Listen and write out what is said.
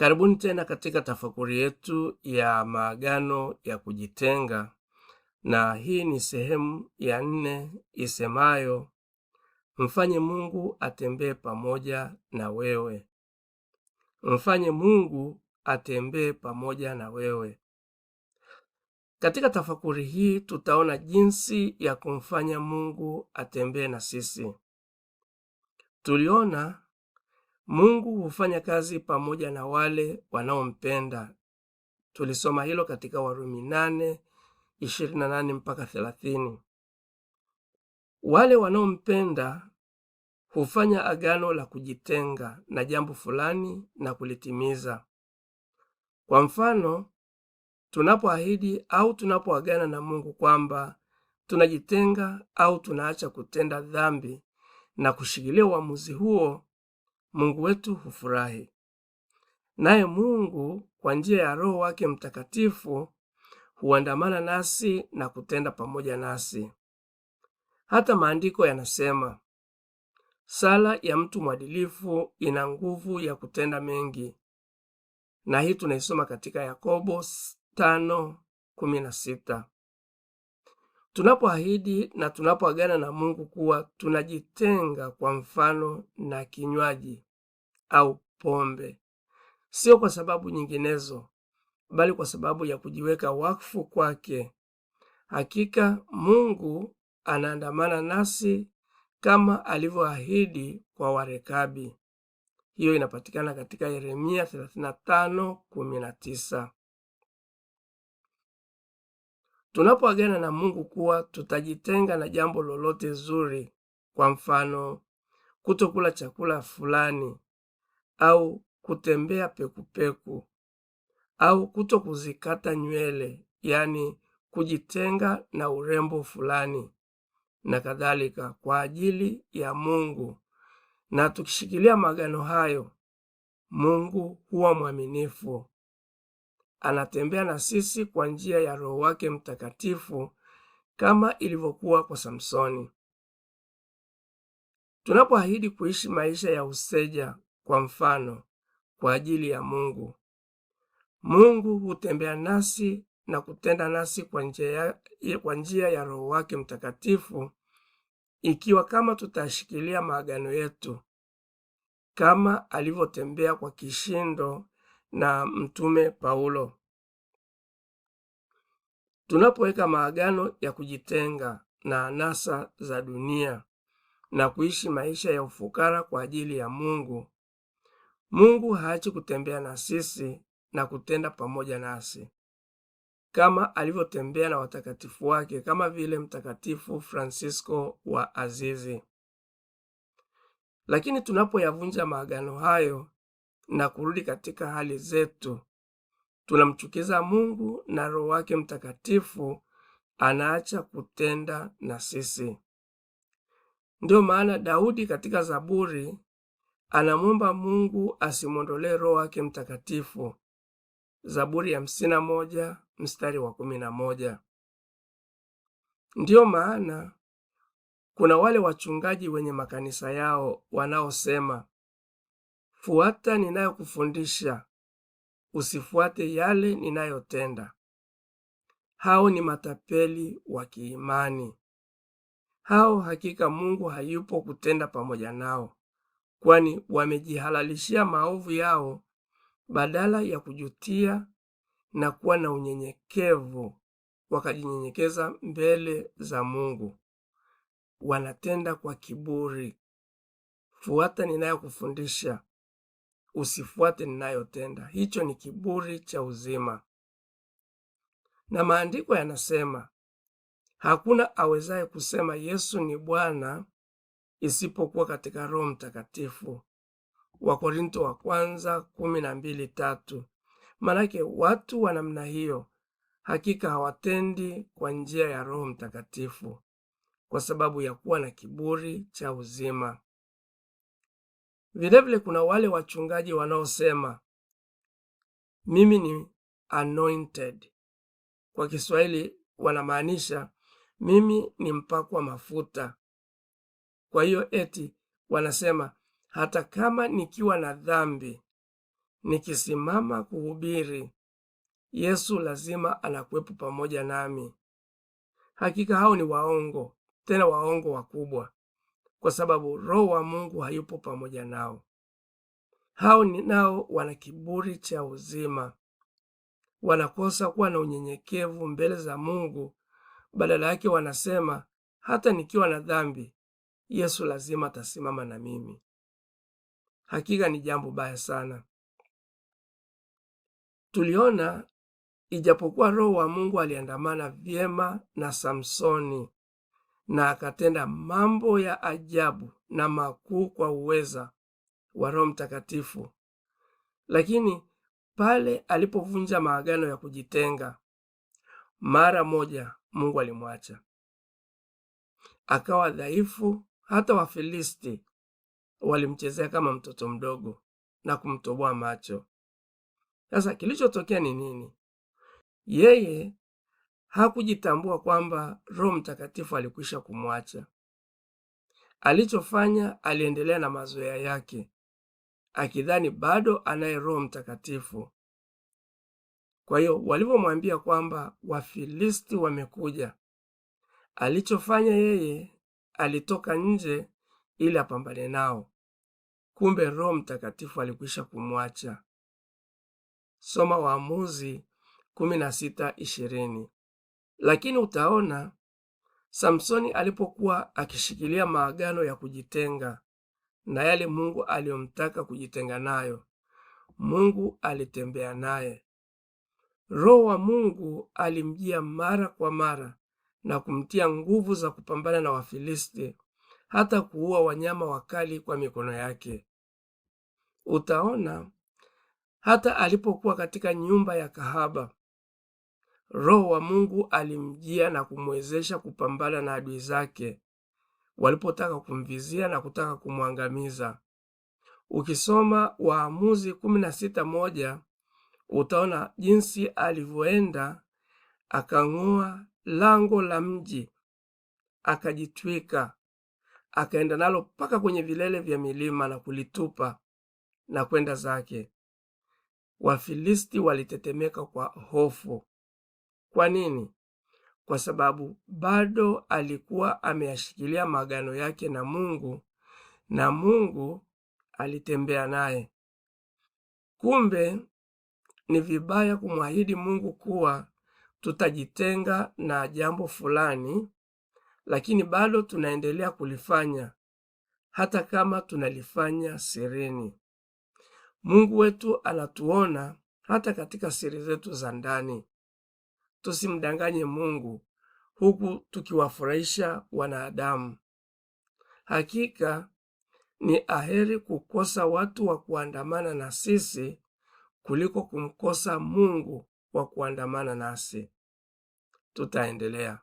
Karibuni tena katika tafakuri yetu ya maagano ya kujitenga, na hii ni sehemu ya nne isemayo mfanye Mungu atembee pamoja na wewe, mfanye Mungu atembee pamoja na wewe. Katika tafakuri hii tutaona jinsi ya kumfanya Mungu atembee na sisi. Tuliona Mungu hufanya kazi pamoja na wale wanaompenda. Tulisoma hilo katika Warumi nane mpaka thelathini. Wale wanaompenda hufanya agano la kujitenga na jambo fulani na kulitimiza. Kwa mfano, tunapoahidi au tunapoagana na Mungu kwamba tunajitenga au tunaacha kutenda dhambi na kushikilia uamuzi huo, Mungu wetu hufurahi. Naye Mungu kwa njia ya Roho wake Mtakatifu huandamana nasi na kutenda pamoja nasi. Hata maandiko yanasema, sala ya mtu mwadilifu ina nguvu ya kutenda mengi, na hii tunaisoma katika Yakobo 5:16. Tunapoahidi na tunapoagana na Mungu kuwa tunajitenga kwa mfano na kinywaji au pombe, sio kwa sababu nyinginezo, bali kwa sababu ya kujiweka wakfu kwake, hakika Mungu anaandamana nasi kama alivyoahidi kwa Warekabi. Hiyo inapatikana katika Yeremia 35:19. Tunapoagana na Mungu kuwa tutajitenga na jambo lolote zuri, kwa mfano kutokula chakula fulani au kutembea pekupeku au kuto kuzikata nywele, yani kujitenga na urembo fulani na kadhalika, kwa ajili ya Mungu. Na tukishikilia maagano hayo, Mungu huwa mwaminifu anatembea na sisi kwa njia ya Roho wake Mtakatifu kama ilivyokuwa kwa Samsoni. Tunapoahidi kuishi maisha ya useja kwa mfano kwa ajili ya Mungu, Mungu hutembea nasi na kutenda nasi kwa njia kwa njia ya Roho wake Mtakatifu, ikiwa kama tutashikilia maagano yetu, kama alivyotembea kwa kishindo na Mtume Paulo. Tunapoweka maagano ya kujitenga na anasa za dunia na kuishi maisha ya ufukara kwa ajili ya Mungu, Mungu haachi kutembea na sisi na kutenda pamoja nasi kama alivyotembea na watakatifu wake kama vile Mtakatifu francisco wa Azizi. Lakini tunapoyavunja maagano hayo na kurudi katika hali zetu. Tunamchukiza Mungu na Roho wake Mtakatifu anaacha kutenda na sisi. Ndiyo maana Daudi katika Zaburi anamwomba Mungu asimwondolee Roho wake Mtakatifu. Zaburi ya hamsini na moja mstari wa kumi na moja. Ndiyo maana kuna wale wachungaji wenye makanisa yao wanaosema fuata ninayokufundisha, usifuate yale ninayotenda. Hao ni matapeli wa kiimani. Hao hakika Mungu hayupo kutenda pamoja nao, kwani wamejihalalishia maovu yao badala ya kujutia na kuwa na unyenyekevu wakajinyenyekeza mbele za Mungu. Wanatenda kwa kiburi. Fuata ninayokufundisha, usifuate ninayotenda. Hicho ni kiburi cha uzima. Na maandiko yanasema hakuna awezaye kusema Yesu ni Bwana isipokuwa katika Roho Mtakatifu. Wakorinto wa kwanza kumi na mbili tatu. Manake watu wa namna hiyo hakika hawatendi kwa njia ya Roho Mtakatifu kwa sababu ya kuwa na kiburi cha uzima. Vilevile kuna wale wachungaji wanaosema mimi ni anointed. Kwa Kiswahili wanamaanisha mimi ni mpakwa mafuta. Kwa hiyo eti wanasema hata kama nikiwa na dhambi, nikisimama kuhubiri, Yesu lazima anakuwepo pamoja nami. Hakika hao ni waongo, tena waongo wakubwa kwa sababu Roho wa Mungu hayupo pamoja nao. Hao ni nao wana kiburi cha uzima, wanakosa kuwa na unyenyekevu mbele za Mungu. Badala yake wanasema, hata nikiwa na dhambi, Yesu lazima atasimama na mimi. Hakika ni jambo baya sana. Tuliona ijapokuwa Roho wa Mungu aliandamana vyema na Samsoni, na akatenda mambo ya ajabu na makuu kwa uweza wa Roho Mtakatifu. Lakini pale alipovunja maagano ya kujitenga, mara moja Mungu alimwacha, akawa dhaifu. Hata Wafilisti walimchezea kama mtoto mdogo na kumtoboa macho. Sasa kilichotokea ni nini? Yeye hakujitambua kwamba Roho Mtakatifu alikwisha kumwacha. Alichofanya, aliendelea na mazoea yake akidhani bado anaye Roho Mtakatifu. Kwa hiyo walivyomwambia kwamba Wafilisti wamekuja, alichofanya yeye, alitoka nje ili apambane nao. Kumbe Roho Mtakatifu alikwisha kumwacha. Soma Waamuzi 16:20. Lakini utaona Samsoni alipokuwa akishikilia maagano ya kujitenga na yale Mungu aliyomtaka kujitenga nayo, Mungu alitembea naye. Roho wa Mungu alimjia mara kwa mara na kumtia nguvu za kupambana na Wafilisti, hata kuua wanyama wakali kwa mikono yake. Utaona hata alipokuwa katika nyumba ya kahaba Roho wa Mungu alimjia na kumwezesha kupambana na adui zake walipotaka kumvizia na kutaka kumwangamiza. Ukisoma Waamuzi kumi na sita moja utaona jinsi alivyoenda akang'oa lango la mji akajitwika akaenda nalo mpaka kwenye vilele vya milima na kulitupa na kwenda zake. Wafilisti walitetemeka kwa hofu. Kwa nini? Kwa sababu bado alikuwa ameyashikilia maagano yake na Mungu na Mungu alitembea naye. Kumbe ni vibaya kumwahidi Mungu kuwa tutajitenga na jambo fulani, lakini bado tunaendelea kulifanya hata kama tunalifanya sirini. Mungu wetu anatuona hata katika siri zetu za ndani tusimdanganye Mungu huku tukiwafurahisha wanadamu. Hakika ni aheri kukosa watu wa kuandamana na sisi kuliko kumkosa Mungu wa kuandamana nasi. Tutaendelea.